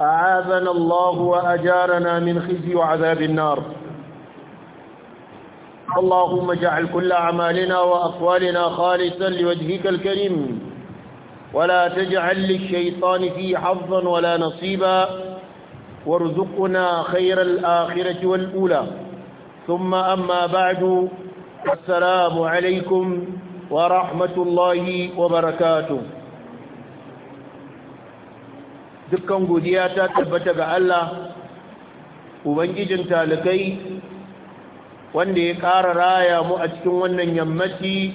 أعاذنا الله وأجارنا من خزي وعذاب النار اللهم اجعل كل أعمالنا وأقوالنا خالصا لوجهك الكريم ولا تجعل للشيطان فيه حظا ولا نصيبا وارزقنا خير الآخرة والأولى ثم أما بعد السلام عليكم ورحمة الله وبركاته dukkan godiya ta tabbata ga Allah ubangijin talikai wanda ya ƙara raya mu a cikin wannan yammaci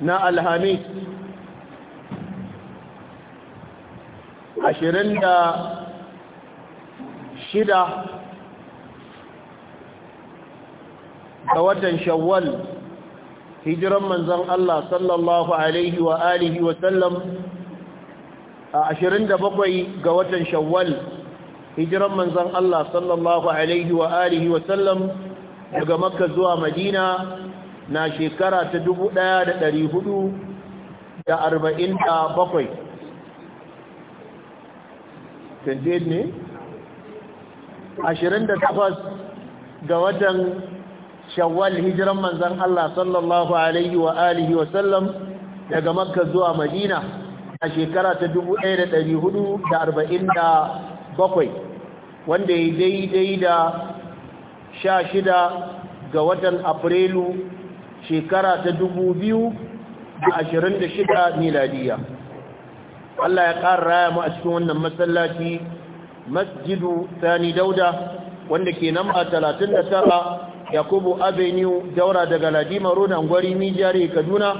na alhamis ashirin da shida ga watan shawwal hijiran manzon Allah sallallahu alaihi wa alihi wa sallam 27 ga watan shawwal hijiran manzan Allah sallallahu alaihi wa alihi daga makka zuwa madina na shekara ta 1447 tanzid ne 28 ga watan shawwal hijiran manzan Allah sallallahu alaihi wa alihi daga makka zuwa madina a shekara ta bakwai, wanda ya daidai da sha shida ga watan afrilu shekara ta 2026 miladiya Allah ya ƙara raya mu a cikin wannan masallaci masjidu sani dauda wanda ke da tara yakubu avenue daura daga ladima na gwari nijari kaduna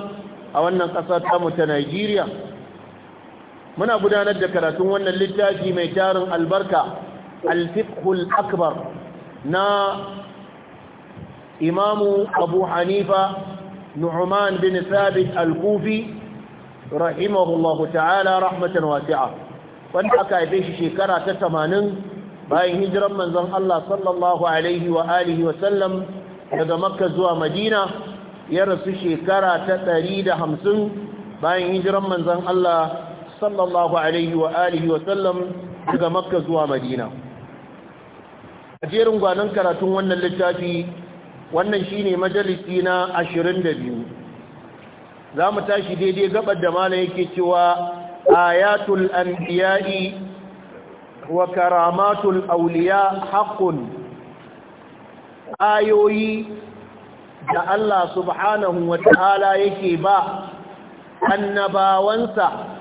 a wannan ƙasa tamu ta Najeriya. muna gudanar da karatun wannan littafi mai tarin albarka alfikhul akbar na imamu abu hanifa nu'man bin sabit al-kufi rahimahullahu ta'ala rahmatan wasi'a wanda aka haife shi shekara ta 80 bayan hijiran manzon Allah sallallahu alaihi wa alihi wa sallam daga makka zuwa madina ya rasu shekara ta 150 bayan hijiran manzon Allah sallallahu alaihi wa alihi wa sallam daga makka zuwa madina a jerin gwanon karatun wannan littafi wannan shine majalisi na biyu. za mu tashi daidai gabar da malam yake cewa ayatul anbiya'i wa karamatul awliya haqqun ayoyi da Allah subhanahu wa ta'ala yake ba annabawansa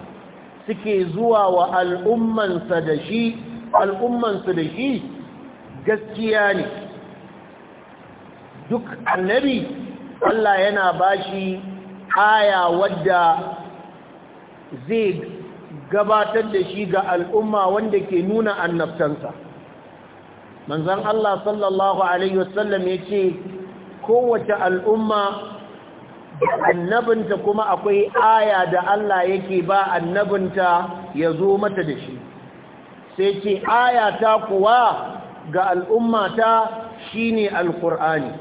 suke zuwa wa al'ummansa da shi al'ummansu da shi gaskiya ne duk annabi Allah yana bashi aya wadda zai gabatar da shi ga al'umma wanda ke nuna annabtansa manzan Allah sallallahu Alaihi wasallam ya ce kowace al'umma annabinta kuma akwai aya da Allah yake ba annabinta ya zo mata da shi sai ce aya ta kuwa ga al'ummata shine Alƙur'ani,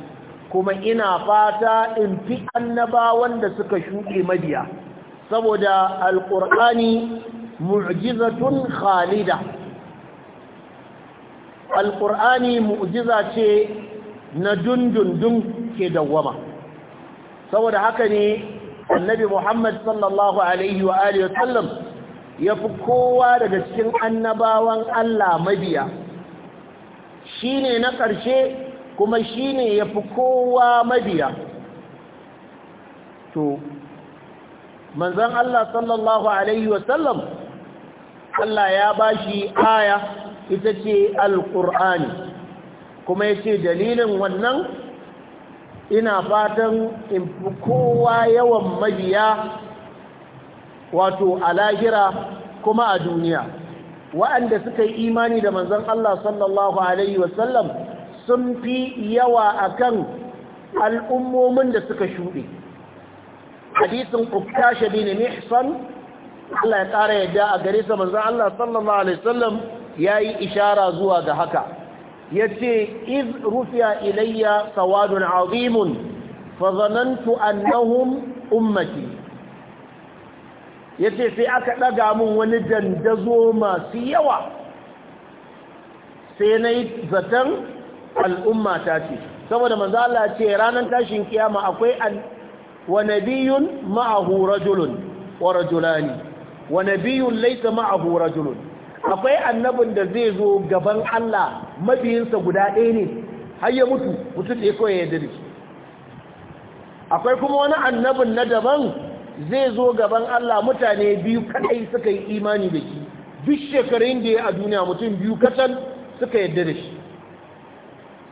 kuma ina fata in fi annabawan da suka shuɗe mabiya saboda alur'ani mu'jizatun khalida alkur'ani mu'jiza ce na dundundun ke dawwama saboda haka ne annabi Muhammad sallallahu alaihi wa alihi wa sallam ya fi kowa daga cikin annabawan Allah mabiya shine na ƙarshe kuma shine ya fi kowa mabiya to manzon Allah sallallahu alaihi wa sallam Allah ya bashi aya ita ce Alƙur'ani kuma ya ce dalilin wannan ina fatan in fi kowa yawan mabiya wato a lahira kuma a duniya waɗanda suka yi imani da manzan Allah sallallahu alaihi wasallam sun fi yawa akan al'ummomin da suka shuɗe hadisin uktasha bin mihsan Allah ya ƙara yadda a gare sa manzan Allah sallallahu alaihi wasallam yayi ishara zuwa ga haka yace iz rufiya ilayya sawadun azimun fa zanantu annahum ummati yace sai aka daga mun wani dandazo masu yawa sai nayi zatan al'umma ta ce saboda manzo Allah ce ranar tashin kiyama akwai wa nabiyyun ma'ahu rajulun wa rajulani wa nabiyyun laysa ma'ahu rajulun akwai annabin da zai zo gaban Allah mabiyinsa guda ɗaya ne har ya mutu mutum ɗaya kawai ya dirki akwai kuma wani annabin na daban zai zo gaban Allah mutane biyu kaɗai suka yi imani da shi duk shekarun da ya a duniya mutum biyu kasan suka yadda da shi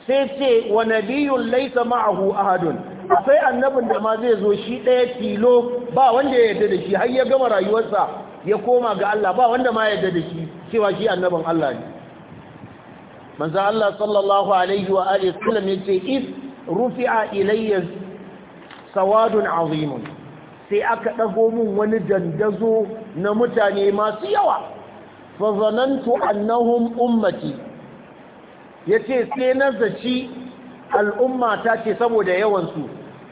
sai ce wa nabiyun laisa ma'ahu ahadun akwai annabin da ma zai zo shi ɗaya tilo ba wanda ya yadda da shi har ya gama rayuwarsa ya koma ga Allah ba wanda ma yadda da shi cewa shi annabin Allah ne manzo Allah sallallahu alaihi wa alihi sallam yace if rufi'a ilayya sawadun azimun sai aka dago min wani dandazo na mutane masu yawa fa zanantu annahum ummati yace sai na zaci al'umma ta ce saboda yawan su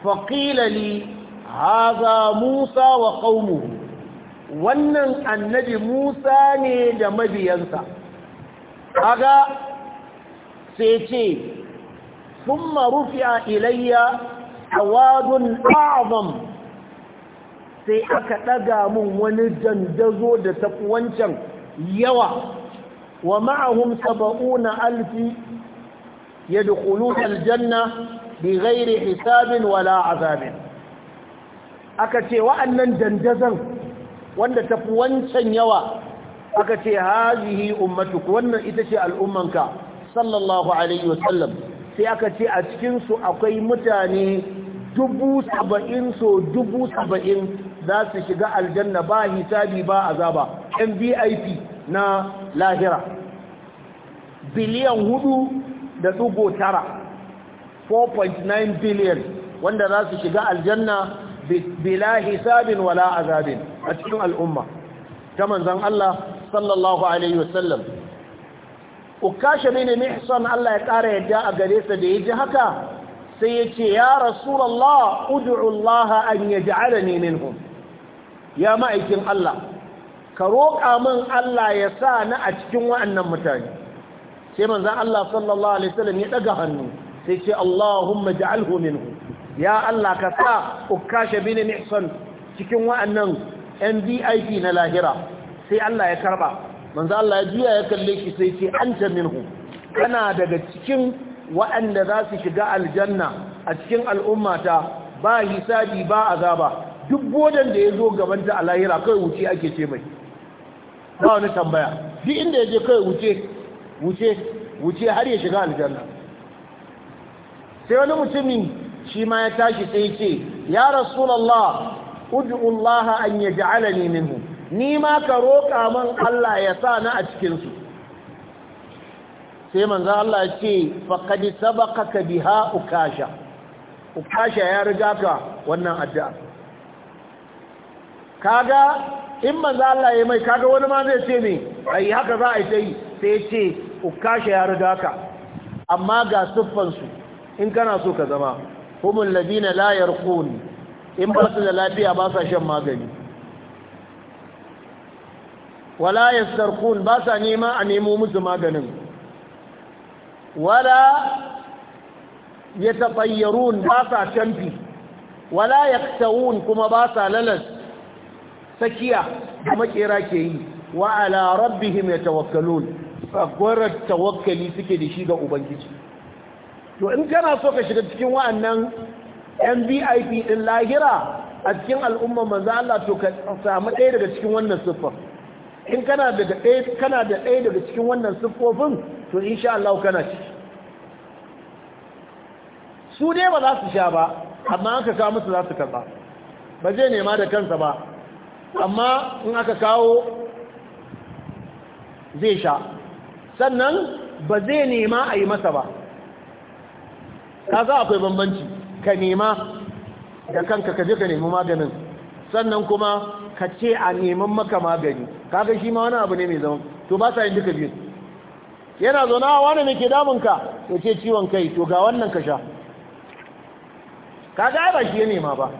fa li hadha musa wa qaumuhu wannan annabi Musa ne da mabiyansa aga sai ce thumma rufi'a ilayya awadun a'zam sai aka daga mun wani dandazo da tafi wancan yawa wa ma'ahum sab'una alfi yadkhuluna aljanna bighairi hisabin wala azabin aka ce wa'annan dandazon wanda tafi wancan yawa aka ce hajihi ummatuk wannan ita ce al'ummanka sallallahu alaihi wasallam sai aka ce a cikin su akwai mutane dubu saba'in so dubu saba'in za su shiga aljanna ba hisabi ba azaba mvip na lahira biliyan hudu da dubu tara 4.9 biliyan wanda za su shiga aljanna bila hisabin wala azabin a cikin al'umma ta manzon Allah sallallahu alaihi wasallam ukasha bin mihsan Allah ya kara yadda a gare sa da yaji haka sai yace ya rasulullah ud'u Allah an yaj'alani minhum ya ma'aikin Allah ka roƙa min Allah ya sa na a cikin wa'annan mutane sai manzan Allah sallallahu alaihi wasallam ya daga hannu sai ce Allahumma ja'alhu minhum ya Allah ka sa ukasha bin mihsan cikin wa'annan MVP na lahira sai Allah ya karba manzo Allah ya juya ya kalle ki sai ce anta minhu kana daga cikin wa'anda za su shiga aljanna a cikin al'ummata ba hisabi ba azaba duk bodan da ya zo gabanta a lahira kai wuce ake ce mai ba wani tambaya duk inda ya je kai wuce wuce wuce har ya shiga aljanna sai wani mutumin shi ma ya tashi sai ce ya rasulallah ud'u Allah an yaj'alani minhu ni ma ka roƙa man Allah ya sa na a cikin su sai manzo Allah ya ce faqad sabaqaka biha ukasha ukasha ya riga ka wannan addu'a kaga in manzo Allah ya mai kaga wani ma zai ce me ai haka za a yi sai sai ce ukasha ya riga ka amma ga siffan su in kana so ka zama humul ladina la yarqun in ba su da lafiya ba sa shan magani wala yastarqun ba sa nema a nemo musu maganin wala yatatayyarun ba sa canfi wala yaktawun kuma ba sa lalas sakiya da ke yi wa ala rabbihim yatawakkalun fagwarar tawakkali suke da shi ga ubangiji to in kana so ka shiga cikin wa'annan NBIP din lahira a cikin al'umma manzo Allah to ka samu ɗaya daga cikin wannan siffar in kana daga ɗaya kana da ɗaya daga cikin wannan siffofin to insha Allah kana ci su dai ba za su sha ba amma aka kawo musu za su karba ba zai nema da kansa ba amma in aka kawo zai sha sannan ba zai nema a yi masa ba Ka za akwai bambanci ka nema da kanka ka je ka nemi maganin sannan kuma ka ce a neman maka magani kaga shi ma wani abu ne mai zama to ba sa yin duka biyu yana zo na ah, wani ne ke damun ka to ce ciwon kai to ga wannan ka sha kaga ba shi ya nema ba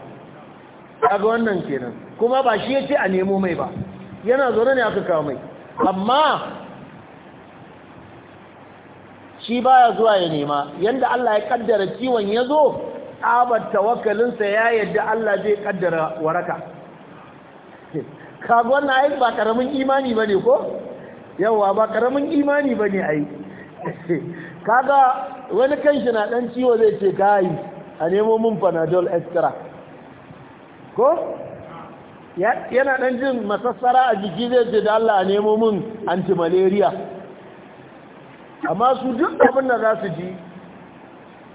kaga wannan kenan kuma ba shi ya ce a nemo mai ba yana zo ne aka kawo mai amma shi baya zuwa ya nema yanda Allah ya kaddara ciwon ya zo tsabar tawakkalinsa ya yadda Allah zai kaddara waraka kaga wannan ai ba karamin imani bane ko yawa ba karamin imani bane ai kaga wani kanshi na dan ciwo zai ce kai a nemo mun panadol extra ko yana dan jin masassara a jiki zai ce da Allah a nemo mun anti malaria amma su duk abin da za su ji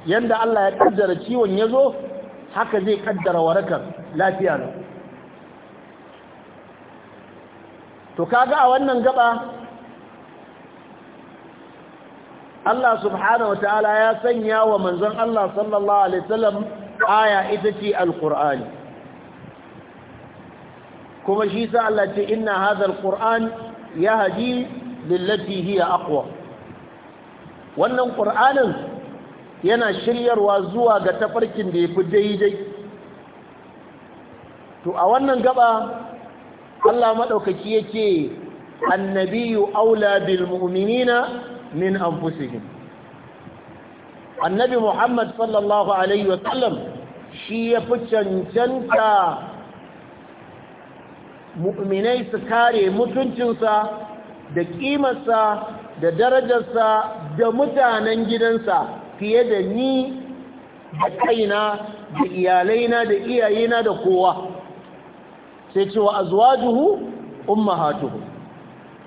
yadda Allah ya kaddara ciwon ya zo haka zai kaddara warakar lafiya na to kaga a wannan gaba Allah subhanahu wataala ya sanya wa manzon Allah sallallahu alaihi wasallam aya ita ce Al-ƙur'ani, kuma shi sa Allah ce inna ƙurani ya haji lillati hiya aqwa wannan ƙur'anin yana shiryarwa zuwa ga tafarkin da ya fi daidai to a wannan gaba Allah maɗaukaki yake annabiyu aula bil mu'minina min anfusihim annabi Muhammad sallallahu alaihi wasallam shi ya fi cancanta mu'minai su kare mutuncinsa da ƙimarsa da darajarsa da mutanen gidansa fiye da ni da kaina da iyalaina da iyayena da kowa sai cewa azwajuhu ummahatuhu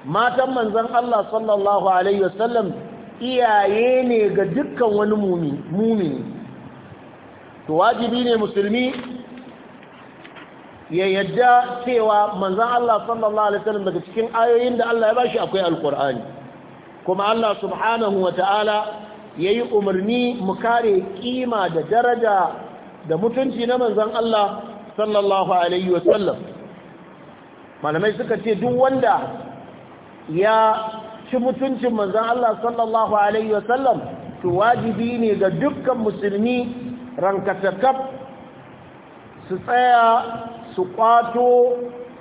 matan manzon Allah sallallahu alaihi wasallam iyaye ne ga dukkan wani mumini to wajibi ne musulmi ya yadda cewa manzon Allah sallallahu alaihi wasallam daga cikin ayoyin da Allah ya bashi akwai alkur'ani kuma Allah subhanahu wa ta'ala ya yi umarni mu kare kima da daraja da mutunci na manzan Allah sallallahu Alaihi wasallam malamai suka ce duk wanda ya ci mutuncin manzan Allah sallallahu Alaihi wasallam to wajibi ne ga dukkan musulmi rankatakaf su tsaya su kwato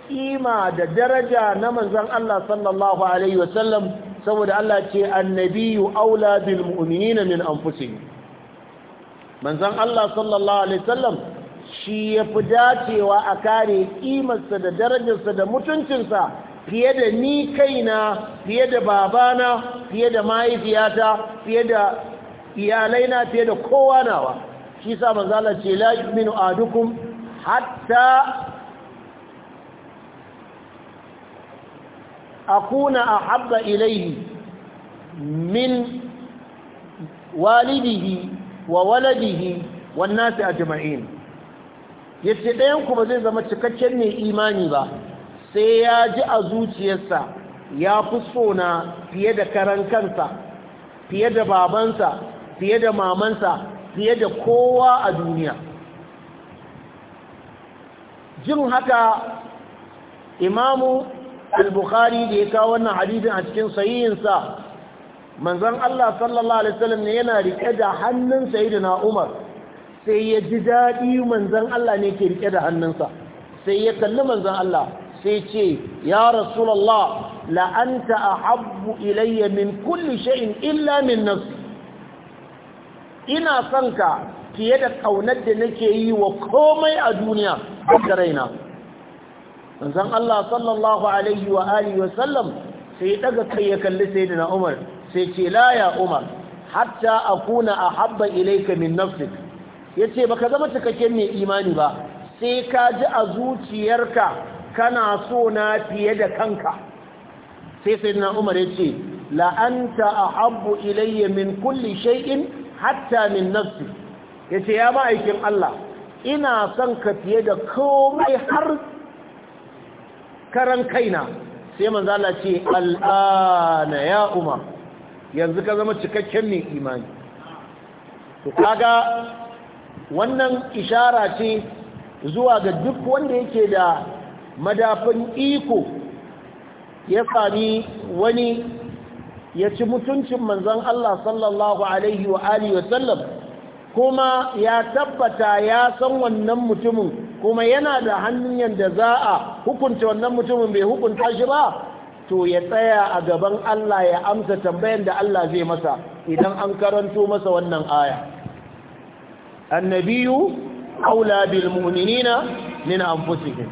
kima da daraja na manzan Allah sallallahu Alaihi wasallam saboda Allah ce annabiyu aula bil mu'minina min anfusihim manzon Allah sallallahu alaihi wasallam shi yafi dacewa a kare kimarsa da darajarsa da mutuncinsa fiye da ni kaina fiye da babana fiye da mahaifiyata fiye da iyalaina fiye da kowa nawa shi sa manzon ce la yu'minu ahadukum hatta akuna ahabba ilaihi min walidihi wa waladihi wan a ajma'in yace ɗayan ku ba zai zama cikakken ne imani ba sai ya ji a zuciyarsa ya fi sona fiye da karan kansa fiye da babansa fiye da mamansa fiye da kowa a duniya jin haka imamu al-bukhari da ya kawo wannan hadisin a cikin sahihinsa manzon Allah sallallahu alaihi wasallam ne yana rike da hannun sayyidina Umar sai ya ji dadi manzon Allah ne ke rike da hannunsa sai ya kalli manzon Allah sai ce ya rasulullah la anta ahabbu ilayya min kulli shay'in illa min nafsi ina son ka fiye da kaunar da nake yi wa komai a duniya da raina manzon Allah sallallahu alaihi wa alihi wa sallam sai daga kai ya kalli sayyidina Umar sai ce la ya Umar hatta akuna ahabba ilayka min nafsik yace baka zama cikakken mai imani ba sai ka ji a zuciyarka kana so na fiye da kanka sai sayyidina Umar yace la anta ahabbu ilayya min kulli shay'in hatta min nafsi yace ya ma'aikin Allah ina son ka fiye da komai har karan kaina sai manzo Allah ce al'ana ya umar yanzu ka zama cikakken mai imani to kaga wannan ishara ce zuwa ga duk wanda yake da madafin iko ya sami wani ya ci mutuncin manzon Allah sallallahu alaihi wa wa sallam kuma ya tabbata ya san wannan mutumin kuma yana da hannun da za a hukunta wannan mutumin bai hukunta shi ba to ya tsaya a gaban Allah ya amsa tambayan da Allah zai masa idan an karanto masa wannan aya annabiyu aula bil mu'minina min anfusihim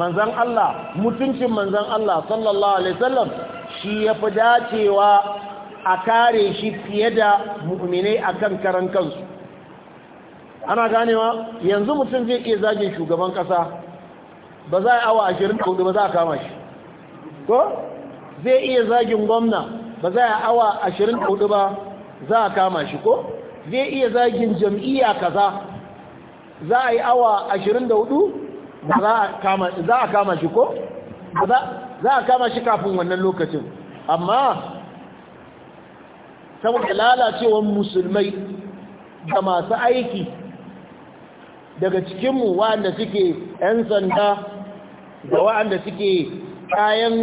manzan Allah mutuncin manzan Allah sallallahu alaihi wasallam shi ya fi dacewa a kare shi fiye da mu'minai akan karan kansu ana ganewa yanzu mutum zai iya zagin shugaban kasa ba za a awa 24 ba za a kama shi ko zai iya zagin gwamna ba za a awa 24 ba za a kama shi ko zai iya zagin jam'iyya kaza za a yi awa 24 za a kama shi ko za a kama shi kafin wannan lokacin amma saboda lalacewar musulmai da masu aiki daga cikinmu wa'anda suke 'yan sanda da wa'anda suke kayan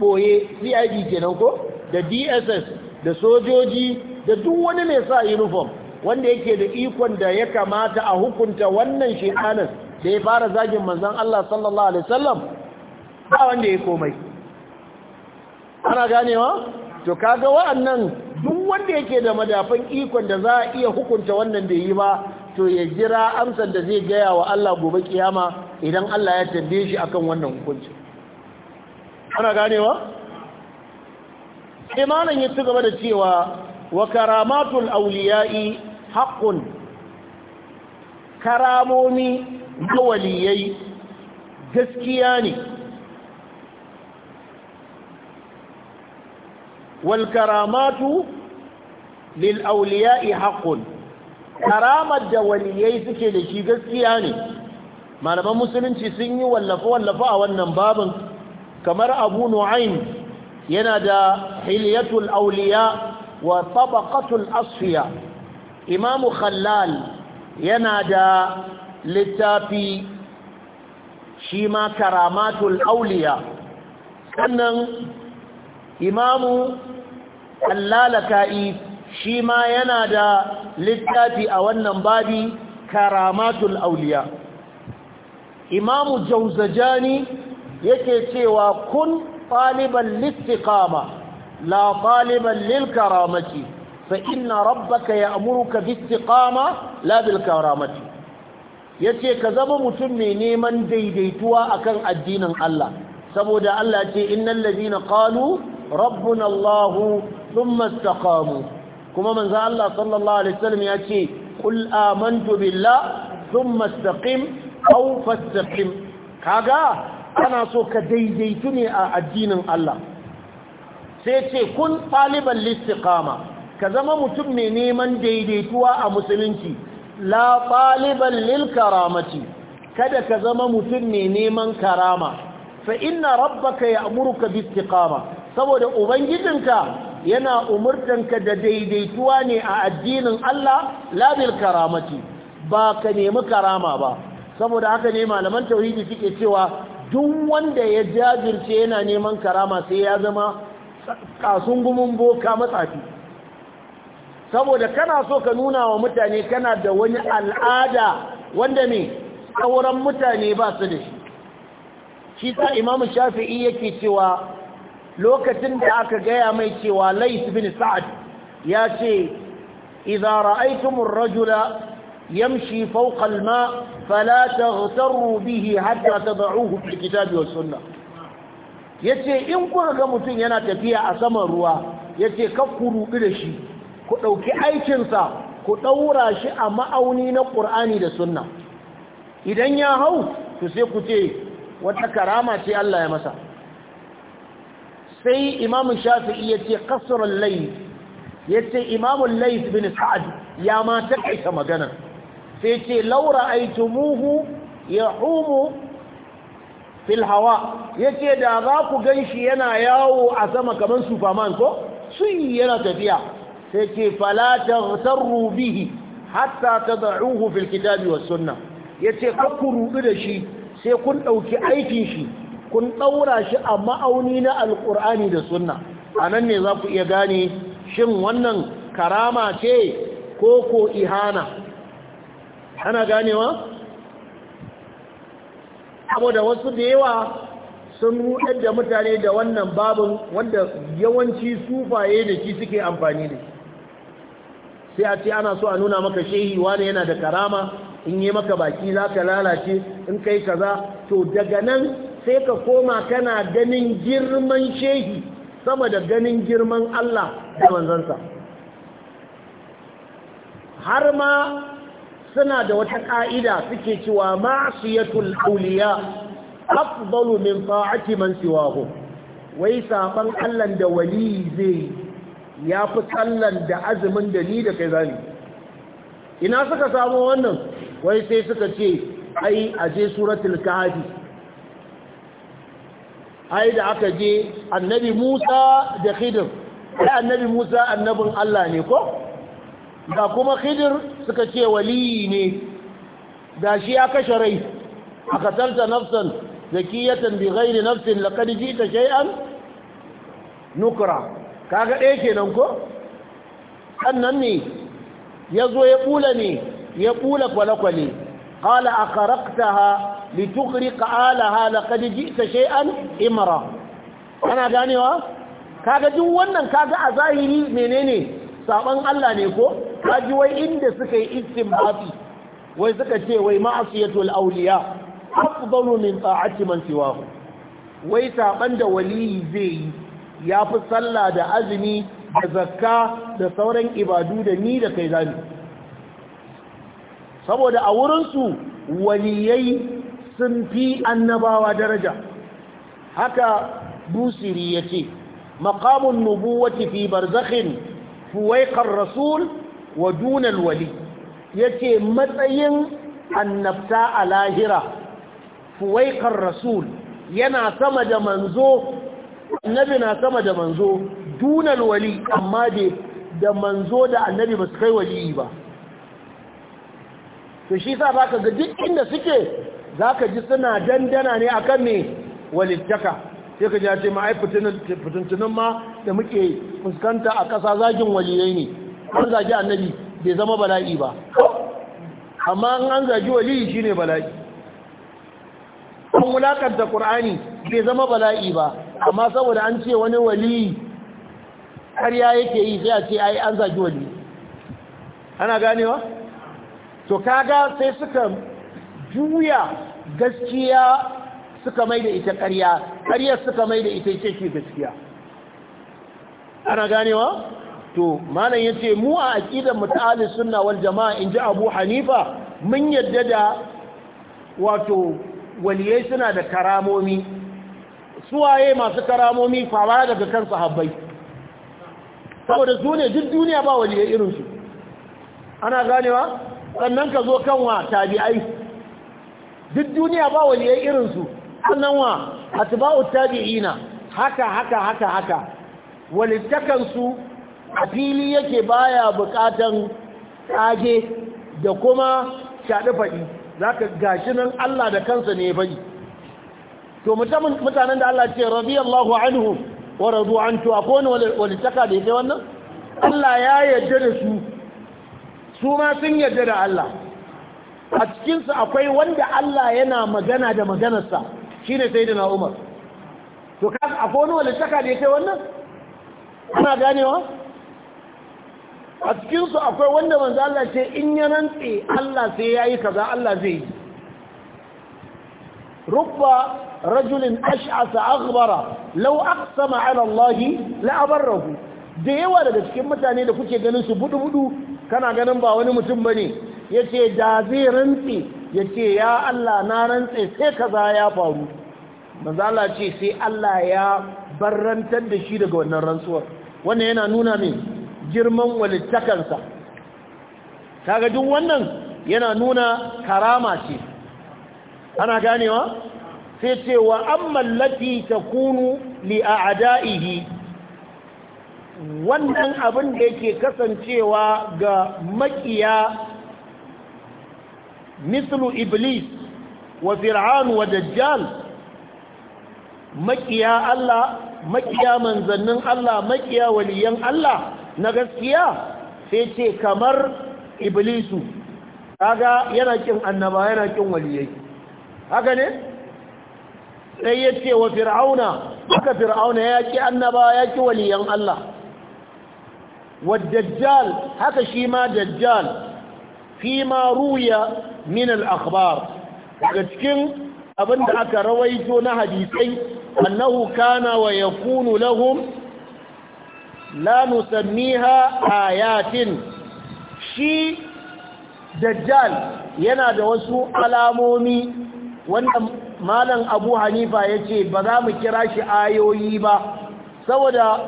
boye cid kenan ko da dss da sojoji da duk wani mai sa uniform wanda yake da ikon da ya kamata a hukunta wannan shekanas da ya fara zagin manzan Allah sallallahu Alaihi wasallam ba wanda ya komai ana ganewa to kaga wa'annan duk wanda yake da madafan ikon da za a iya hukunta wannan da yi ba to ya jira amsar da zai gaya wa Allah gobe kiyama idan Allah ya tambaye shi akan wannan hukunci ana ganewa imanin ya ci gaba da cewa wa karamatul awliyai haqqun karamomi na waliyai gaskiya ne wal karamatu lil auliya'i haqqun karamar da waliyai suke da shi gaskiya ne malaman musulunci sun yi wallafa-wallafa a wannan babin kamar abu nu'aim yana da hilyatul auliya wa tabaqatul asfiya imamu khallal yana da littafi shi ma karamatul auliya sannan imamu allalaka'i shi ma yana da littafi a wannan babi karamatul auliya imamu jauzajani yake cewa kun taliban listiqama la taliban lil karamati fa inna rabbaka ya'muruka bistiqama la bil karamati yace ka zama mutum mai neman daidaituwa akan addinin Allah saboda Allah ce innal ladina qalu rabbuna Allahu thumma istaqamu kuma manzo Allah sallallahu alaihi wasallam ya ce qul amantu billah thumma istaqim aw fastaqim kaga ana so ka daidaitu ne a addinin Allah sai ce kun taliban listiqama ka zama mutum mai neman daidaituwa a musulunci la taliban lil karamati kada ka zama mutum mai neman karama fa inna rabbaka ya'muruka bistiqama saboda ubangijinka yana umurtanka da daidaituwa ne a addinin Allah labil karamati ba ka nemi karama ba saboda haka ne malaman tauhidi suke cewa duk wanda ya jajirce yana neman karama sai ya zama kasun gumin boka matsafi saboda kana so ka nuna wa mutane kana da wani al'ada wanda ne sauran mutane ba su da shi shi ta imamu shafi'i yake cewa lokacin da aka gaya mai cewa lais bin sa'ad ya ce idza ra'aytumur rajula yamshi fawqa al-ma fala taghtaru bihi hatta tad'uhu fil kitabi was sunnah yace in kuka ga mutum yana tafiya a saman ruwa yace ka rubi da shi ku dauki aikin sa ku daura shi a ma'auni na Qur'ani da sunna idan ya hau to sai ku ce wata karama ce Allah ya masa sai imamu shafi'i ya ce kasurar lai ya ce imamun lai bin sa'ad ya ma taƙaita magana sai ce laura muhu ya humu filhawa ya ce da za ku gan shi yana yawo a sama kamar superman ko sun yana tafiya sai ce falatar sarru rubihi hatta ta da'uhu fil kitabi wa sunna ya ce ku ruɗu da shi sai kun ɗauki aikin shi kun ɗaura shi a ma'auni na alƙur'ani da sunna a nan ne za ku iya gane shin wannan karama ce ko ko ihana ana ganewa? da wasu da yawa sun ruɗar da mutane da wannan babin wanda yawanci sufaye da shi suke amfani da sai a ce ana so a nuna maka shehi wane yana da karama in yi maka baki za ka lalace in kai kaza to daga nan sai ka koma kana ganin girman shehi sama da ganin girman Allah da manzansa har ma suna da wata ƙa'ida suke cewa ma'asiyatul auliya afdalu min ta'ati man siwahu wai saban Allah da wali zai yafi sallan da azumin da ni da kai zani ina suka samu wannan wai sai suka ce ai aje suratul kahfi Hai da aka je annabi Musa da Khidir ai annabi Musa annabin Allah ne ko da kuma Khidir suka ce waliyi ne da shi ya kashe rai a tarta nafsan zakiyatan bi ghairi nafsin laqad jita shay'an nukra kaga ɗaya kenan ko sannan ne ya zo ya kula ne ya kula kwale-kwale قال أخرقتها لتخرق آلها لقد جئت شيئا إمرا أنا جانيوا kaga duk wannan kaga a zahiri menene saban Allah ne ko kaji wai inda suka yi istinbati wai suka ce wai ma'asiyatul awliya afdalu min ta'ati man siwahu wai saban da waliyi zai yi yafi sallah da azumi da zakka da sauran ibadu da ni da kai zani saboda a wurinsu waliyai sun fi annabawa daraja haka busiri ya ce makamun nubuwati fi barzakhin fuwaikar rasul wa dunal wali ya ce matsayin annabta a lahira fuwaikar rasul yana sama da manzo annabi na sama da manzo dunal wali amma da manzo da annabi ba su kai wali ba to shi sa ba ka ga duk inda suke za ka ji suna dandana ne a kan ne walittaka sai ka ji ce ma'ai fitintunan ma da muke fuskanta a ƙasa zagin waliyai ne an zagi annabi bai zama bala'i ba amma an zagi shi shine bala'i an wulakanta Kur'ani bai zama bala'i ba amma saboda an ce wani waliyi ƙarya yake yi sai a ce ai an zagi waliyi ana ganewa? to kaga sai suka juya gaskiya suka mai da ita ƙarya ƙaryar suka mai da ita ce ke gaskiya ana ganewa to malam yace mu a aqidar mutahalis sunna wal jama'a inji abu hanifa mun yadda da wato waliyai suna da karamomi suwaye masu karamomi fara daga kan sahabbai saboda su ne duk duniya ba waliyai irinsu ana ganewa sannan ka zo kan wa tabi'ai duk duniya ba waliyai irinsu sannan wa atba'u tabi'ina haka haka haka haka walittakansu a fili yake baya bukatan kage da kuma shaɗi faɗi za ka gashi nan Allah da kansa ne bai to mutanen da Allah ce radiyallahu anhu wa radu an tuwa ko wani walittaka da ya wannan Allah ya yarda da su su ma sun yarda da Allah a cikinsu akwai wanda Allah yana magana da maganarsa shi ne sai da Umar, to kan akwai wani walittaka da ya kai wannan ana ganewa a cikinsu akwai wanda manzo Allah ce in ya rantse Allah sai ya yi kaza Allah zai yi rubba rajulin ash'asa aghbara law aqsama ala Allah la abarrahu da yawa daga cikin mutane da kuke ganin su budu budu kana ganin ba wani mutum bane ce da zai rantsi ce ya Allah na rantse sai kaza ya faru mazala ce sai Allah ya rantar da shi daga wannan rantsuwar wannan yana nuna min girman walittakansa kaga duk wannan yana nuna karama ce ana ganewa sai ce wa amma lati takunu li a'da'ihi wannan abin da yake kasancewa ga makiya mislu iblis wa fir'aun wa dajjal makiya Allah makiya manzannin Allah makiya waliyan Allah na gaskiya sai ce kamar iblisu kaga yana kin annaba yana kin waliyai haka ne sai yace wa fir'auna haka fir'auna ya annaba ya waliyan Allah والدجال هكا شيما دجال فيما روي من الأخبار لكن أبن دعك رويتنا حديثي أنه كان ويكون لهم لا نسميها آيات شي دجال yana da wasu alamomi wanda malam abu hanifa ya ce ba za mu kira shi ayoyi ba saboda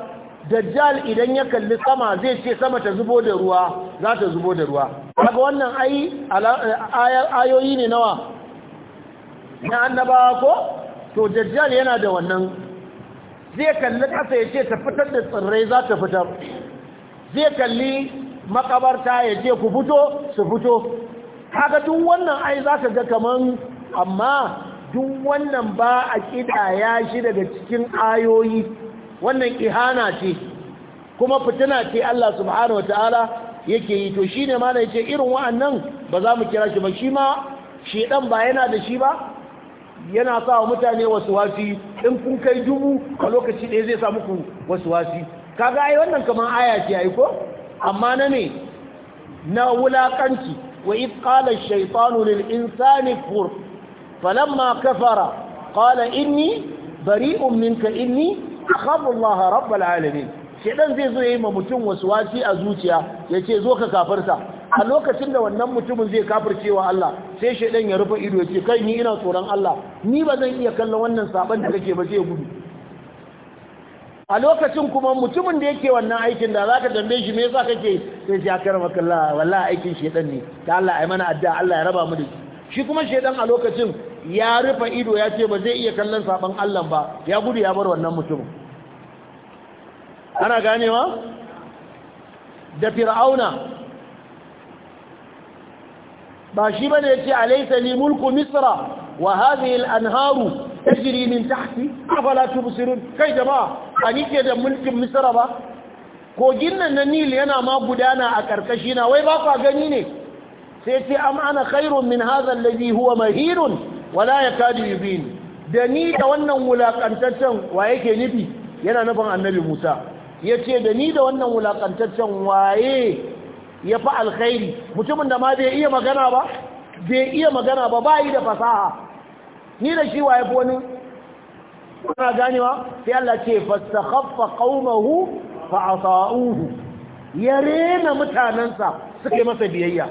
dajjal idan ya kalli sama zai ce sama ta zubo da ruwa za ta zubo da ruwa daga wannan ayoyi ne nawa na annabawa ko to dajjal yana da wannan zai kalli ƙasa ya ce ta fitar da tsirrai za ta fitar zai kalli makabarta ya ce ku fito su fito kaga duk wannan ai za ka ga kaman amma duk wannan ba a ƙidaya shi daga cikin ayoyi wannan ihana ce kuma fitina ce Allah subhanahu Ta'ala yake yi to shine ma na yace irin wa'annan ba za mu kira shi ba shi ma shedan ba yana da shi ba yana sa wa mutane wasu wasi in kun kai dubu a lokaci ɗaya zai sa muku wasu wasi kaga ai wannan kamar aya ce ai ko amma na ne na wulakanci wa id qala ash-shaytanu lil insani kfur falamma kafara qala inni bari'un minka inni akhafu Allah rabbul alamin shedan zai zo yayi ma mutum waswasi a zuciya yace zo ka kafirta a lokacin da wannan mutumin zai kafircewa Allah sai shedan ya rufe ido yace kai ni ina tsoron Allah ni ba zan iya kallon wannan saban da kake ba sai gudu a lokacin kuma mutumin da yake wannan aikin da zaka dambe shi me yasa kake sai ya karma kallah wallahi aikin shedan ne ta Allah ai mana Allah ya raba mu da shi kuma shedan a lokacin ya rufe ido ya ce ba zai iya kallon saban Allah ba ya gudu ya bar wannan mutumin ana ganewa da fir'auna ba shi bane yace alaysa li mulku misra wa hadhihi al-anharu tajri min tahti afala tubsirun kai jama'a ani ke da mulkin misra ba kogin nan na nil yana ma gudana a karkashi na wai ba ka gani ne sai ce am ana khairun min hadha alladhi huwa mahinun wala yakadu yubin da ni da wannan wulakantaccen wa yake nufi yana nufin annabi Musa ya ce da ni da wannan wulaƙantaccen waye ya fi alkhairi mutumin da ma bai iya magana ba bai iya magana ba ba yi da fasaha ni da shi waye wani kuna ganewa sai Allah ce fastakhaffa qaumahu fa ata'uhu ya rena mutanansa suka yi masa biyayya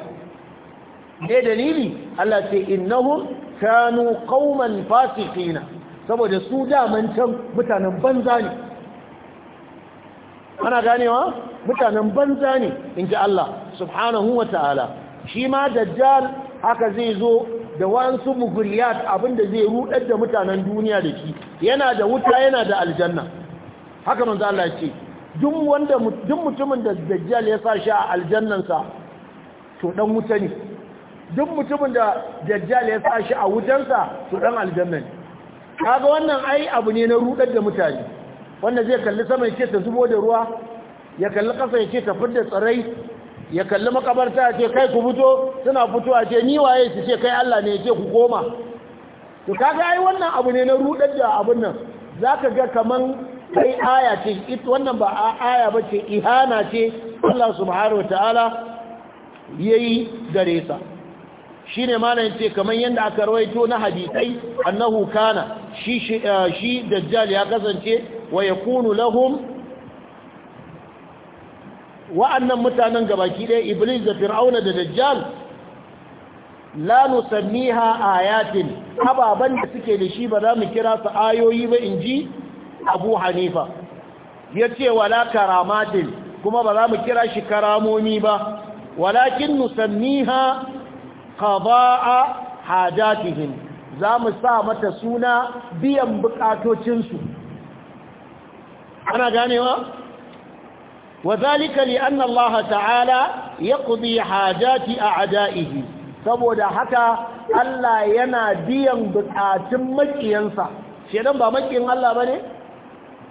ne dalili Allah ce innahum kanu qauman fasiqina saboda su daman can mutanen banza ne ana ganewa mutanen banza ne in ji Allah subhanahu wa ta'ala shi ma dajjal haka zai zo da wasu muguriyat abinda zai rudar da mutanen duniya da shi yana da wuta yana da aljanna haka manzo Allah ya ce duk wanda duk mutumin da dajjal ya sa shi a aljannansa to dan wuta ne duk mutumin da dajjal ya sa shi a wutansa to dan aljanna ne kaga wannan ai abu ne na rudar da mutane wanda zai kalli sama ya ce ta zubo da ruwa ya kalli kasa ya ce ta fidda tsarai ya kalli makabarta ya ce kai ku fito suna fito a ce ni waye su ce kai Allah ne ya ce ku koma to kaga ai wannan abu ne na rudar da abun nan zaka ga kaman kai aya ce wannan ba aya ba ce ihana ce Allah subhanahu wataala yayi gare sa Shi shine malamin ce kamar yadda aka rawaito na hadisai annahu kana shi eh, shi dajjal ya kasance wa yakunu lahum wa'annan mutanen gabaki ɗaya iblis da fir'auna da dajjal la nusammiha ayatin ababan da suke da shi ba za mu kira su ayoyi ba inji abu hanifa yace wala karamatin kuma ba za mu kira shi karamomi ba walakin nusammiha qada'a hajatihim za mu sa mata suna biyan bukatocinsu ana ganewa وذلك لأن الله تعالى يقضي a أعدائه saboda haka Allah yana biyan bukatun makiyansa shedan ba makiyin Allah bane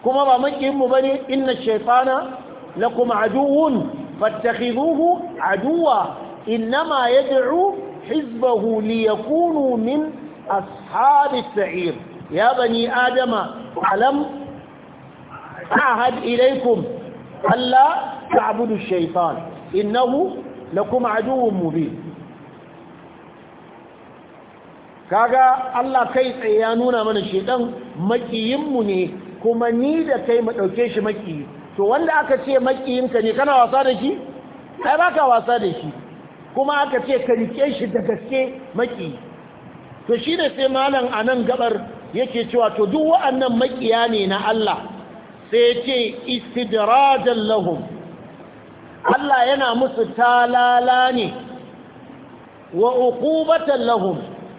kuma ba makiyin mu bane inna shaytana lakum aduwwun fattakhidhuhu aduwwa inma yad'u حزبه ليكونوا من أصحاب السعير يا بني آدم ألم أعهد إليكم ألا تعبدوا الشيطان إنه لكم عدو مبين kaga Allah kai tsaye ya nuna mana shedan makiyinmu ne kuma ni da kai mu dauke shi makiyi to wanda aka ce makiyinka ne kana wasa da shi kai baka wasa da shi kuma aka ce ka rike shi da gaske maki to shi ne sai malam a nan gabar yake cewa to duk wa'annan makiya ne na Allah sai ya ce istidrajan lahum Allah yana musu talala ne wa uqubatan lahum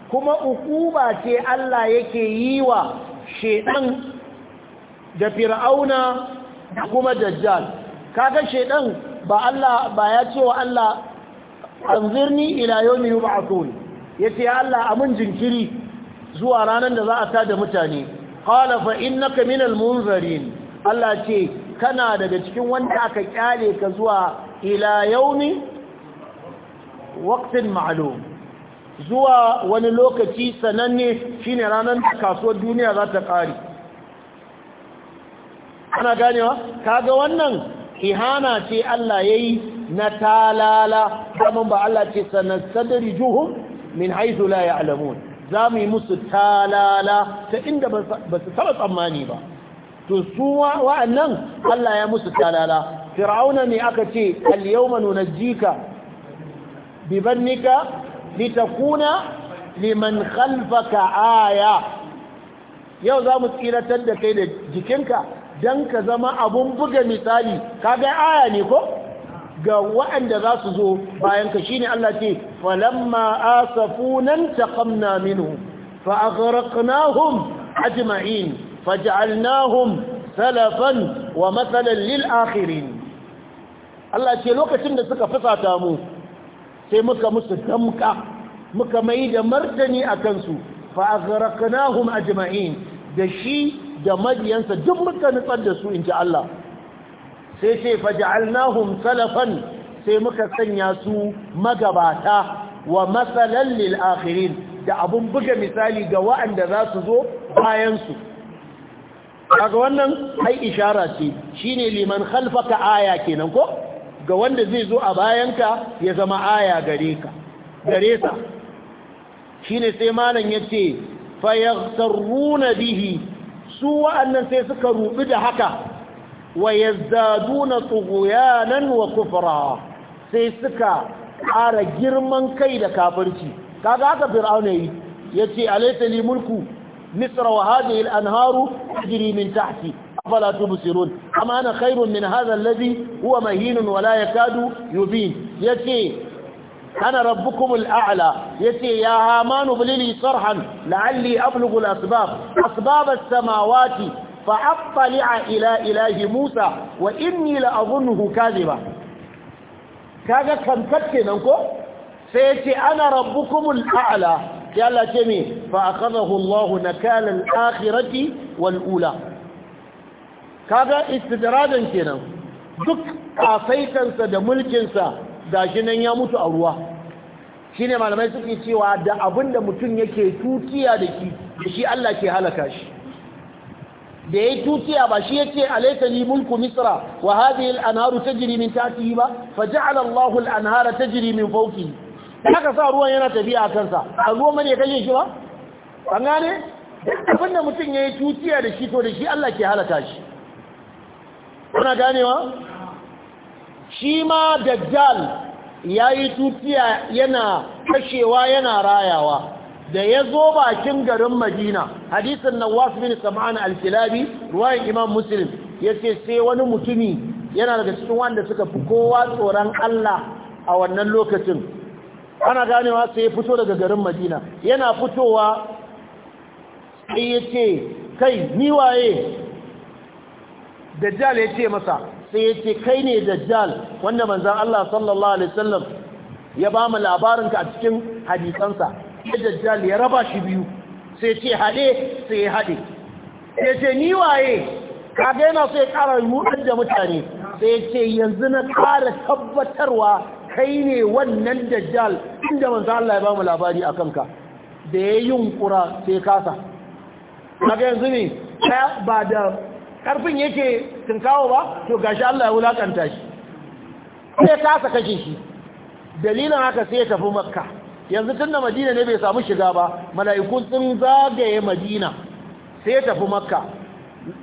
kuma uquba ce Allah yake yi wa shedan da fir'auna da kuma dajjal kaga shedan ba Allah ba ya ce wa Allah anzirni ila yawmi yub'athun yace ya Allah amun jinkiri zuwa ranar da za a tada mutane qala fa innaka minal munzirin Allah ce kana daga cikin wanda aka kyale ka zuwa ila yawmi waqtin ma'lum zuwa wani lokaci sananne shine ranar kasuwar duniya za ta kare ana ganewa kaga wannan ihana ce Allah yayi na talala kuma ba Allah ce sanastadrijuhum min haythu la za mu yi musu talala ta inda ba su taba tsammani ba to su wa'annan Allah ya musu talala fir'auna ne aka ce al nuna jika bi litakuna liman khalfaka aya yau zamu tsiratar da kai da jikinka don ka zama abun buga misali kaga aya ne ko ga waɗanda za su zo bayan ka shine Allah ce falamma asafunan taqamna minhu fa aghraqnahum ajma'in faj'alnahum salafan wa mathalan lil akhirin Allah ce lokacin da suka fusata mu sai muka musu damka muka mai da martani a kansu fa aghraqnahum ajma'in da shi da mabiyansa duk muka nutsar da su in ji Allah sai ce faja'alnahum salafan sai muka sanya su magabata wa matsalan lil akhirin da abun buga misali ga wa'anda za su zo bayan su kaga wannan ai ishara ce shine liman khalfaka aya kenan ko ga wanda zai zo a bayanka ya zama aya gare ka gare sa shine sai malam yace fayaghtaruna bihi su wa'annan sai suka rubi da haka wa yazaduna nan wa kufra sai suka ara girman kai da kafirci kaga haka fir'aun yayi yace alaita li mulku misr wa hadhihi al-anharu tajri min tahti afala tubsirun amma ana khairun min hadha alladhi huwa mahinun wala la yakadu yubin yace ana rabbukumul a'la yace ya hamanu bilili sarhan la'alli ablughu al-asbab asbab as-samawati fa attali'a ila ilahi Musa wa inni la'adhunnuhu kadhiba kaga kankat kenan ko sai yace ana rabbukumul a'la ya Allah ce me fa akhadahu Allah nakala al-akhirati wal-ula kaga istidradan kenan duk kasaitansa da mulkinsa gashi nan ya mutu a ruwa ne malamai suke cewa da abin da mutum yake tutiya da shi da shi Allah ke halaka shi da yayi tutiya ba shi yake alaitani mulku misra wa hadhihi al-anharu tajri min ba faja'ala Allahu al-anhara tajri min fawqihi haka sa ruwan yana tafiya a kansa a ruwan bane kashe shi ba an gane abin da mutum yayi tutiya da shi to da shi Allah ke halaka shi kuna ganewa shi ma dajjal ya yi tutiya yana kashewa yana rayawa da ya zo bakin garin madina hadisin nawas bin sam'an alkilabi kilabi ruwayan imam muslim ya ce sai wani mutumi yana daga cikin wanda suka fi kowa tsoron allah a wannan lokacin ana ganewa sai ya fito daga garin madina yana fitowa sai ya ce kai ni waye jale ya ce masa sai ya ce kai ne dajjal wanda manzan Allah sallallahu alaihi wasallam ya ba mu labarinka a cikin hadisansa ya dajjal ya raba shi biyu sai ce haɗe sai ya haɗe ya ce ni waye kaga yana sai ƙara ruɗar da mutane sai ce yanzu na ƙara tabbatarwa kai ne wannan dajjal inda manzan Allah ya ba mu labari a kanka da ya yi yunkura sai kasa kaga yanzu ne ba da karfin yake tunkawo ba to gashi Allah ya wulakanta shi sai sa kashe shi dalilin haka sai ya tafi makka yanzu tun da madina ne bai samu shiga ba mala'iku sun zagaye madina sai ya tafi makka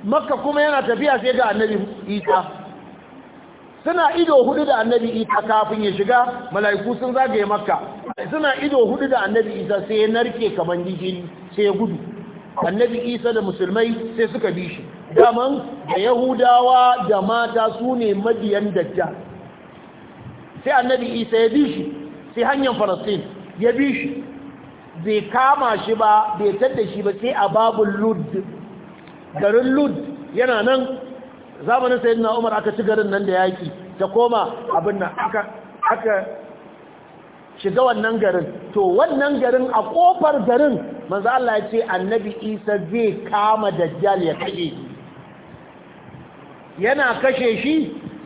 makka kuma yana tafiya sai ga annabi isa suna ido hudu da annabi isa kafin ya shiga mala'iku sun zagaye makka suna ido hudu da annabi isa sai ya narke kamar jijini sai ya gudu annabi isa da musulmai sai suka bi shi daman da yahudawa da mata su ne mabiyan dajja sai annabi isa ya bi shi sai hanyar falastin ya bi shi bai kama shi ba bai tadda shi ba sai a babin lud garin lud yana nan zamanin sayi na umar aka ci garin nan da yaki ta koma abin nan aka shiga wannan garin to wannan garin a kofar garin manzo Allah ya ce annabi Isa zai kama dajjal ya kashe yana kashe shi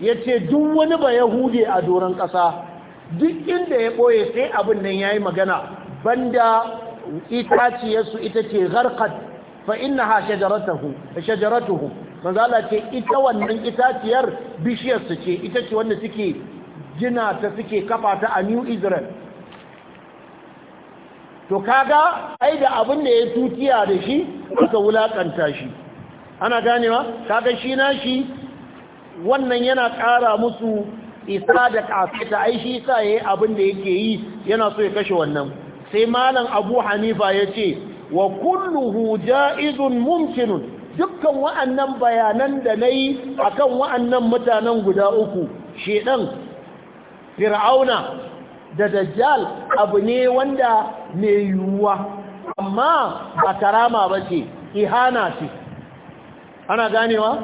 yace duk wani ba yahude a doron kasa duk inda ya boye sai abin nan yayi magana banda itaciyarsu ita ce gharqat fa innaha shajaratuhu shajaratuhu manzo Allah ce ita wannan itaciyar bishiyar su ce ita ce wanda suke gina ta suke kafa ta a New Israel to kaga ai da abin da ya tutiya da shi aka wulakanta shi ana ganewa kaga shi na shi wannan yana ƙara musu isa da ƙafeta. ai shi isa yi abin da yake yi yana so ya kashe wannan sai malam Abu Hanifa ya ce wa kulluhu ja'izun mumkinun dukkan wa'annan bayanan da na nayi akan wa'annan mutanen guda uku shedan fir'auna da dajjal abu ne wanda mai yiwuwa amma ba karama ba ce ihana ce ana ganewa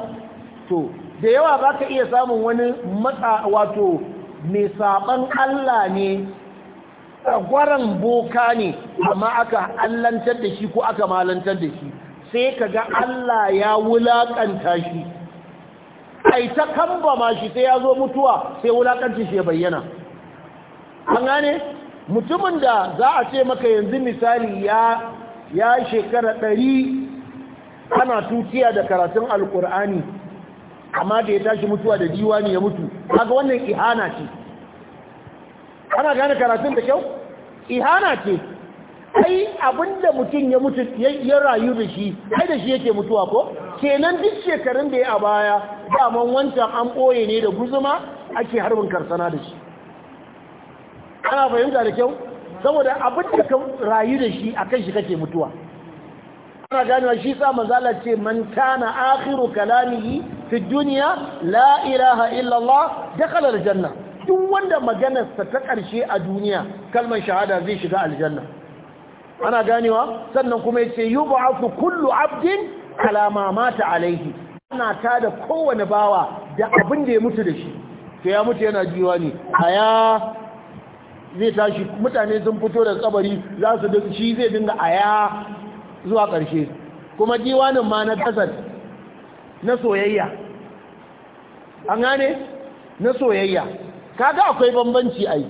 to da yawa ba ka iya samun wani matsa wato mai saban Allah ne gwaran boka ne amma aka allantar da shi ko aka malantar da shi sai ka ga Allah ya wulaƙanta shi ai ta kamba ma shi sai ya zo mutuwa sai wulaƙanci shi ya bayyana an gane mutumin da za a ce maka yanzu misali ya ya shekara ɗari ana tutiya da karatun alkur'ani amma da ya tashi mutuwa da ne ya mutu haka wannan ihana ce ana gane karatun da kyau ihana ce ai abinda mutum ya mutu ya rayu da shi ai da shi yake mutuwa ko kenan duk shekarun da ya a baya daman wancan an ɓoye ne da guzuma ake harbin karsana da shi ana fahimta da kyau saboda abin da ka rayu da shi kan shi kake mutuwa ana ganewa shi sa manzala ce man kana akhiru kalamihi fi dunya la ilaha illa Allah dakhala aljanna duk wanda sa ta karshe a duniya kalmar shahada zai shiga aljanna ana ganewa sannan kuma yace yub'athu kullu 'abdin kalama mata alayhi ana tada kowane bawa da abin da ya mutu da shi to ya mutu yana jiwa ne aya zai tashi mutane sun fito da kabari za su shi zai dinga aya zuwa ƙarshe kuma diwanin ma na kasar na soyayya an gane na soyayya kaga akwai bambanci ai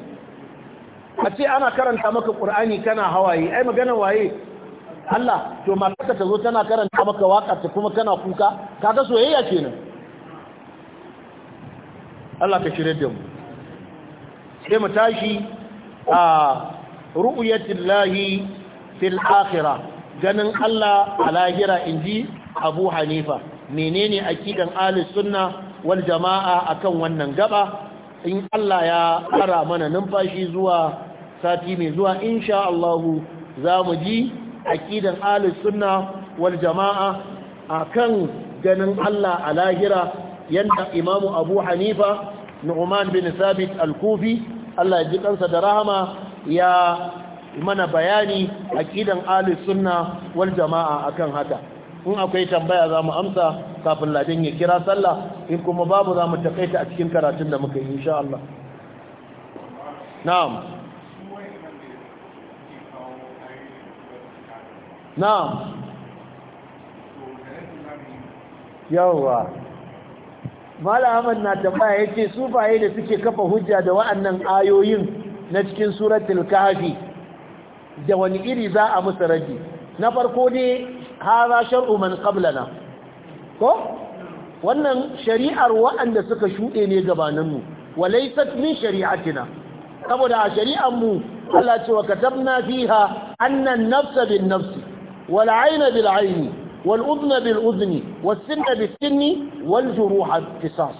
a ce ana karanta maka ƙur'ani kana hawaye ai magana waye Allah to matarka ta zo tana karanta maka waka ta kuma kana kuka kaga soyayya kenan Allah ka shirye da mu sai mu tashi ru'yatillahi fil akhirah ganin Allah a lahira inji Abu Hanifa menene akidan ahlus sunna wal jama'a akan wannan gaba in Allah ya ara mana numfashi zuwa sati mai zuwa insha Allah za mu ji akidan ahlus sunna wal jama'a akan ganin Allah a lahira yanda imamu Abu Hanifa Nu'man bin Thabit al-Kufi Allah ya ji kansa da rahama ya mana bayani aqidan Ali sunna wal jamaa akan haka in akwai tambaya za mu amsa kafin ladin ya kira sallah in kuma babu za mu takaita a cikin karatun da muka yi insha Allah na'am na'am yawa malaman na tambaya yace sufaye da suke kafa hujja da wa'annan ayoyin na cikin suratul kafi da wani iri za a musu raddi na farko ne hada shar'u man qablana ko wannan shari'ar wa'anda suka shude ne gabaninmu walaysat min shari'atina saboda a shari'ar mu Allah ce wa katabna fiha anna nafsa bin-nafsi wal 'ayna bil-'ayni والأذن بالأذن والسن بالسن والجروح قصاص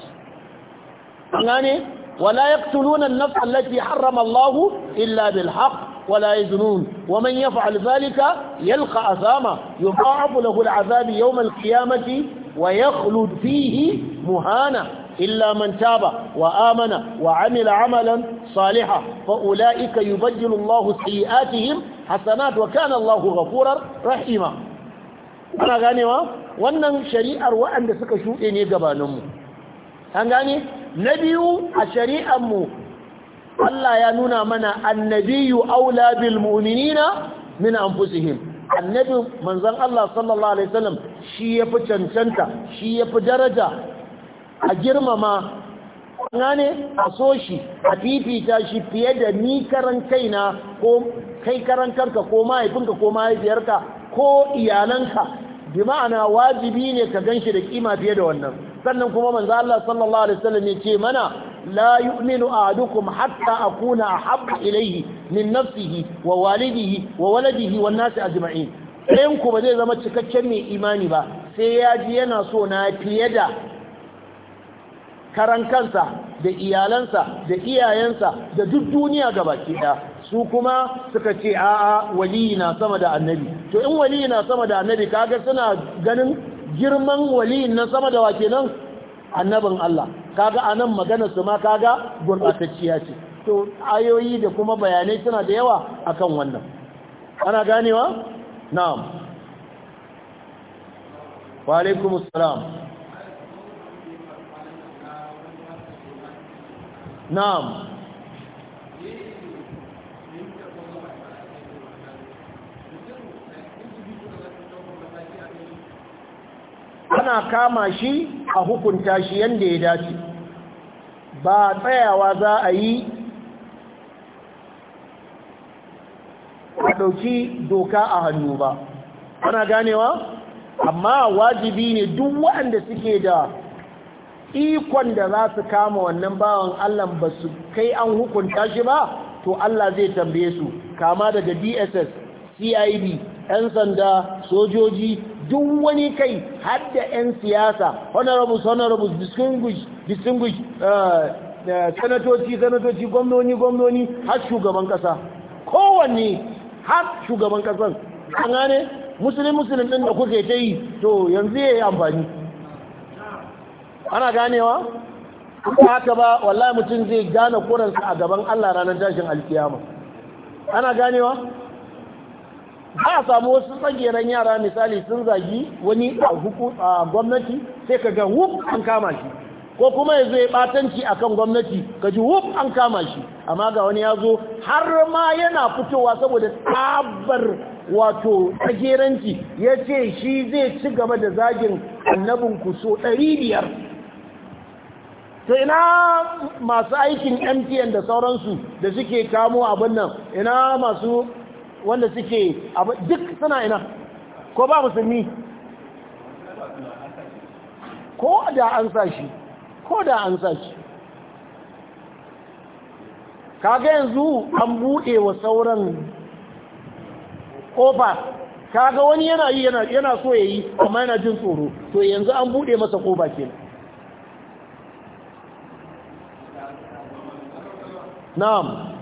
يعني ولا يقتلون النفس التي حرم الله إلا بالحق ولا يزنون ومن يفعل ذلك يلقى أثاما يضاعف له العذاب يوم القيامة ويخلد فيه مهانا إلا من تاب وآمن وعمل عملا صالحا فأولئك يبدل الله سيئاتهم حسنات وكان الله غفورا رحيما ana ganewa wannan shari'ar waɗanda suka shuɗe ne gabaninmu an gane na biyu a mu, Allah ya nuna mana annabiyu aula bil mu'minina min anfusihim annabi manzon Allah sallallahu alaihi wasallam shi yafi cancanta shi yafi daraja a girmama gane a so shi a fifita shi fiye da ni karan kaina ko kai karan karka ko mahaifinka ko mahaifiyarka ko iyalanka bi ma'ana wajibi ne ka ganshi da kima fiye da wannan sannan kuma manzo Allah sallallahu alaihi wasallam ya ce mana la yu'minu ahadukum hatta akuna ahabba ilayhi min nafsihi wa walidihi wa waladihi wan a ajma'in ɗayan ku ba zai zama cikakken mai imani ba sai ya ji yana so na fiye da karan kansa da iyalansa da iyayensa da duk duniya gabaki ɗaya su kuma suka ce a'a wali na sama da annabi to in wali na sama da annabi kaga suna ganin girman waliyin na sama da wake nan annabin Allah kaga anan magana su ma kaga gurbatacciya ce to ayoyi da kuma bayanai suna da yawa akan wannan ana ganewa na'am wa a'laikum salam na'am ana kama shi a hukunta shi yadda ya dace ba tsayawa za a yi a ɗauki doka a hannu ba ana ganewa amma wajibi ne duk waɗanda suke da ikon da za su kama wannan bawan allah ba su kai an hukunta shi ba to Allah zai tambaye su kama daga DSS, CIB, 'yan sanda, sojoji, duk wani kai har da 'yan siyasa honorables honorables distinguished distinguished eh, eh, sanatoci sanatoci gwamnoni gwamnoni har shugaban kasa kowanne har shugaban kasan an gane musulun musulun ɗin da kuke ta yi to yanzu ya yi amfani ana ganewa ko haka ba wallahi mutum zai gane kuransa a gaban allah ranar tashin alkiyama ana ganewa ba a samu wasu tsageren yara misali sun zagi wani a gwamnati sai ka ga wuf an kama shi ko kuma ya zai batanci a kan gwamnati ka ji wuf an kama shi amma ga wani ya zo har ma yana fitowa saboda tsabar wato tsageranci ya ce shi zai ci gaba da zagin annabin kuso ɗari biyar to ina masu aikin mtn da sauransu da suke kamo abin nan ina masu wanda suke duk suna ina ko ba musulmi ko da an sashi ko da an sashi kaga yanzu an buɗe wa sauran ƙofa kaga wani yana yi yana so ya yi amma yana jin tsoro to yanzu an buɗe masa ƙofa ke na'am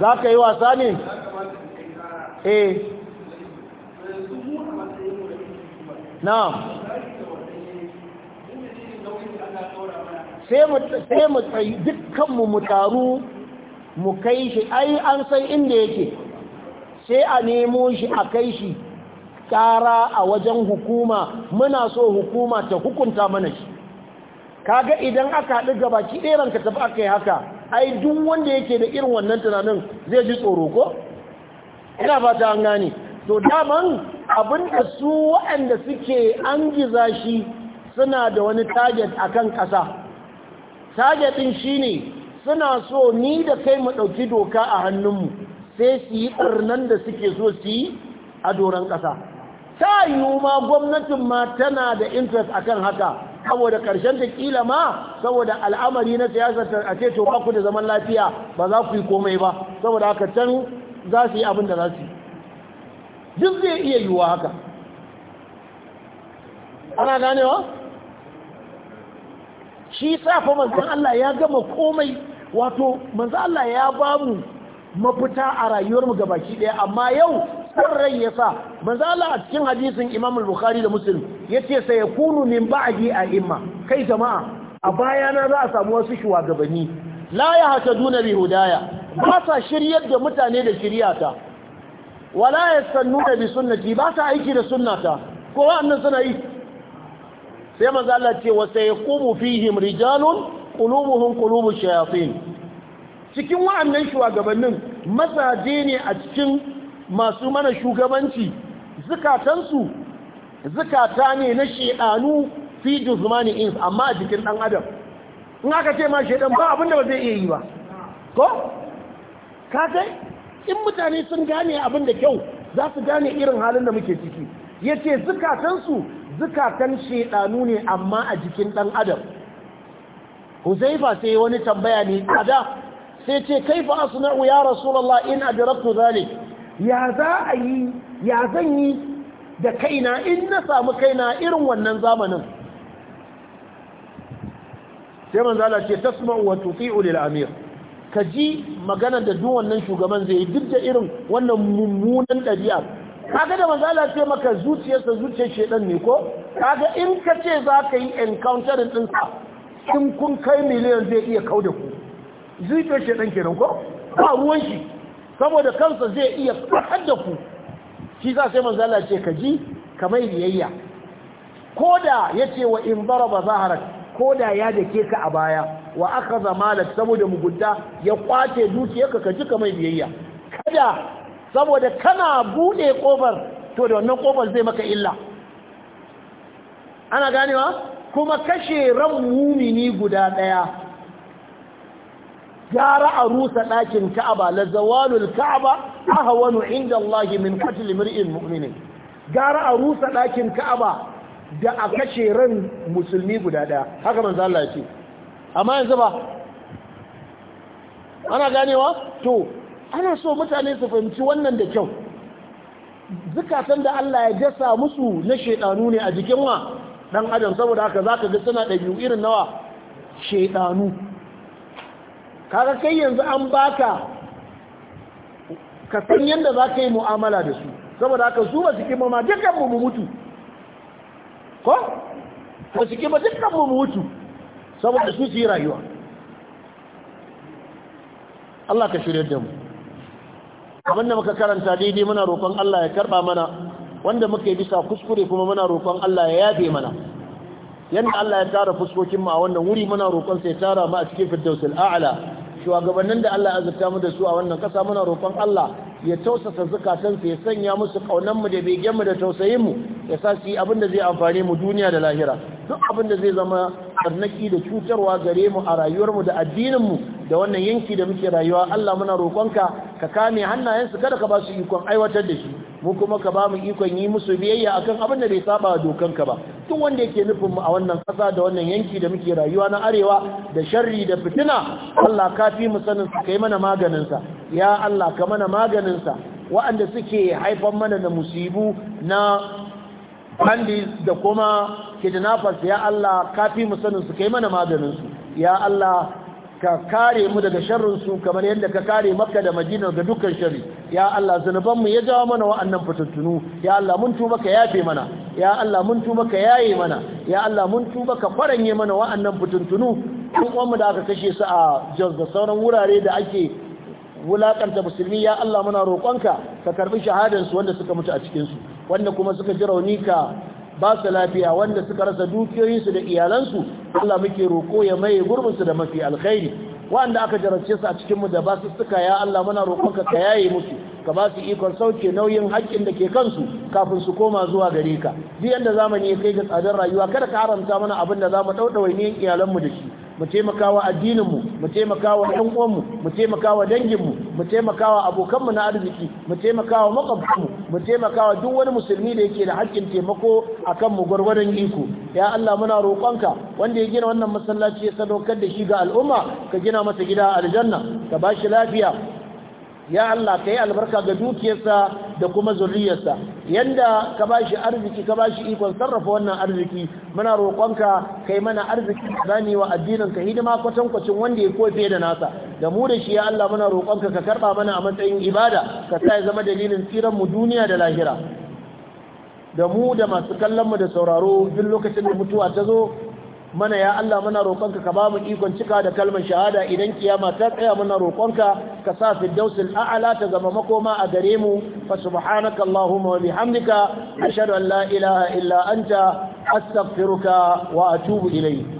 za ka yi wasa ne? eh na'am sai mu tsayi dukkanmu mu taru mu kai shi ai an san inda yake sai a nemo shi a kai shi Kara a wajen hukuma muna so hukuma ta hukunta mana shi kaga idan aka haɗu gaba ki ɗeran ka tafi aka yi haka ai duk wanda yake da irin wannan tunanin zai ji tsoro ko ina fata an gane to daman abinda su waɗanda suke an giza shi suna da wani target akan ƙasa target ɗin shine suna so ni da kai mu ɗauki doka a hannunmu sai su yi ɓarnan da suke so su yi a doron ƙasa ta yiwu ma gwamnatin ma tana da interest akan haka saboda karshen ta kila ma saboda al'amari na siyasar a ce to ku da zaman lafiya ba za ku yi komai ba saboda haka can za su yi abin da za su yi duk zai iya yiwuwa haka ana ganewa shi safa manzan Allah ya gama komai wato manzan Allah ya ba mu mafita a rayuwarmu gabaki daya amma yau son rai ya sa manzala a cikin hadisin imam al-bukhari da muslim ya ce sai ya kunu min ba'adi a imma kai jama'a a bayana za a samu wasu shugabanni la ya hata duna bi hudaya ba sa shiryar da mutane da shiryata wala ya sannu da bi sunnati ba sa aiki da sunnata ko wa'annan suna yi sai manzala ce wa sai yaqumu fihim rijalun qulubuhum qulubush shayatin cikin wa'annan shugabannin mazaje ne a cikin masu mana shugabanci zukatansu zukata ne na shedanu fi juzmani ins amma a jikin dan adam in aka ce ma shedan ba abinda ba zai iya yi ba ko ka kai in mutane sun gane abin da kyau za su gane irin halin da muke ciki yace zukatansu zukatan shedanu ne amma a jikin dan adam Huzaifa sai wani tambaya ne a da sai ce kai fa asna'u ya rasulullah in adraktu zalik ya za a yi ya zan yi da kaina in na samu kaina irin wannan zamanin sai manzala ce tasma'u wa Tufi, lil amir ka ji magana da duk wannan shugaban zai duk da irin wannan mummunan ɗabi'a kaga da manzala ce maka zuciyarsa zuciyar shedan ne ko kaga in ka ce za ka yi encountering ɗinsa in kun kai miliyan zai iya kau da ku zuciyar shedan kenan ko ba ruwan shi saboda kansa zai iya fahar da ku shi za sai manzo Allah ce ka ji ka mai biyayya koda ce wa in daraba ko da ya dake ka a baya wa aka zama da saboda mugunta ya kwace dukiyarka ka ji ka mai biyayya kada saboda kana bude kofar to da wannan kofar zai maka illa ana ganewa kuma kashe ran mumini guda daya gara a rusa ɗakin ka'aba la zawalul ka'aba ahwanu inda Allah min qatl mar'in mu'minin gara a rusa ɗakin ka'aba da a kashe ran musulmi guda ɗaya, haka manzo Allah ya ce amma yanzu ba ana ganewa to ana so mutane su fahimci wannan da kyau zukatan da Allah ya dasa musu na shedanu ne a jikin wa Ɗan adam saboda haka zaka ga suna ɗabi'u irin nawa shedanu kaga kai yanzu an baka ka san yadda za ka yi mu'amala da su saboda haka su ba su kima ma dukkan mu mutu ko ba su kima dukkan mu mutu saboda su su yi rayuwa Allah ka shirya da mu abin da muka karanta daidai muna roƙon Allah ya karɓa mana wanda muka yi bisa kuskure kuma muna roƙon Allah ya yabe mana yanda Allah ya tara fuskokinmu a wannan wuri muna roƙon sai tara mu a cikin firdausul a'la shugabannin da Allah azurta mu da su a wannan kasa muna roƙon Allah ya tausasa zukatansu ya sanya musu ƙaunar mu da begen mu da tausayin mu ya sa su yi abin da zai amfane mu duniya da lahira duk abin da zai zama tsarnaki da cutarwa gare mu a rayuwarmu da addininmu da wannan yanki da muke rayuwa Allah muna roƙonka ka kame hannayensu kada ka ba su ikon aiwatar da shi mu kuma ka ba mu ikon yi musu biyayya akan abin da bai saba ka ba duk wanda yake nufin mu a wannan ƙasa da wannan yanki da muke rayuwa na arewa da sharri da fitina Allah ka fi mu sanin su kai mana maganin sa ya Allah ka mana maganin sa waɗanda suke haifar mana da musibu na bandits da kuma kidnappers ya Allah kafi mu sanin su kai mana maganin su ya Allah ka kare mu daga sharrin su kamar yadda ka kare maka da Madina daga dukkan sharri ya Allah zanuban mu ya jawo mana wa'annan fitattunu ya Allah mun tuba ka yafe mana ya Allah mun tuba ka yaye mana ya Allah mun tuba ka faranye mana wa'annan fitattunu duk wanda da aka kashe su a Jos da sauran wurare da ake wulakanta musulmi ya Allah muna roƙonka ka karbi shahadansu wanda suka mutu a cikin su wanda kuma suka ji ka. ba su lafiya wanda suka rasa dukiyoyinsu da iyalansu Allah muke roko ya maye gurbinsu da mafi alkhairi wanda aka jarabce su a cikinmu da ba su suka ya Allah muna roƙonka ka yaye musu ka ba su ikon sauke nauyin haƙƙin da ke kansu kafin su koma zuwa gare ka duk yanda zamani ya kai ga tsadar rayuwa kada ka haramta mana abin da za mu ɗauɗa iyalanmu da shi mu taimaka wa mu mu taimakawa ɗan uwanmu mu taimakawa danginmu mu taimakawa abokanmu na arziki mu taimakawa makwabtanmu mu taimakawa duk wani musulmi da yake da haƙƙin taimako a kan mu gwargwadon iko ya Allah muna roƙonka wanda ya gina wannan masallaci ya sadaukar da shi ga al'umma ka gina masa gida a aljanna ka ba shi lafiya ya Allah ka yi albarka ga dukiyarsa da kuma zurriyarsa yanda ka ba shi arziki ka ba shi ikon sarrafa wannan arziki muna roƙonka kai mana arziki zane wa ka hidima kwatankwacin wanda ya kofe da nasa da mu da shi ya Allah muna roƙonka ka karɓa mana a matsayin ibada ka sa ya zama dalilin tsiran mu duniya da lahira da mu da masu kallon mu da sauraro duk lokacin da mutuwa ta zo mana ya Allah muna roƙonka ka bamu ikon cika da kalmar shahada idan kiyama ta tsaya muna roƙonka ka sa firdausul a'la ta zama makoma a gare mu fa subhanaka allahumma wa bihamdika ashhadu an la ilaha illa anta astaghfiruka wa atubu ilayk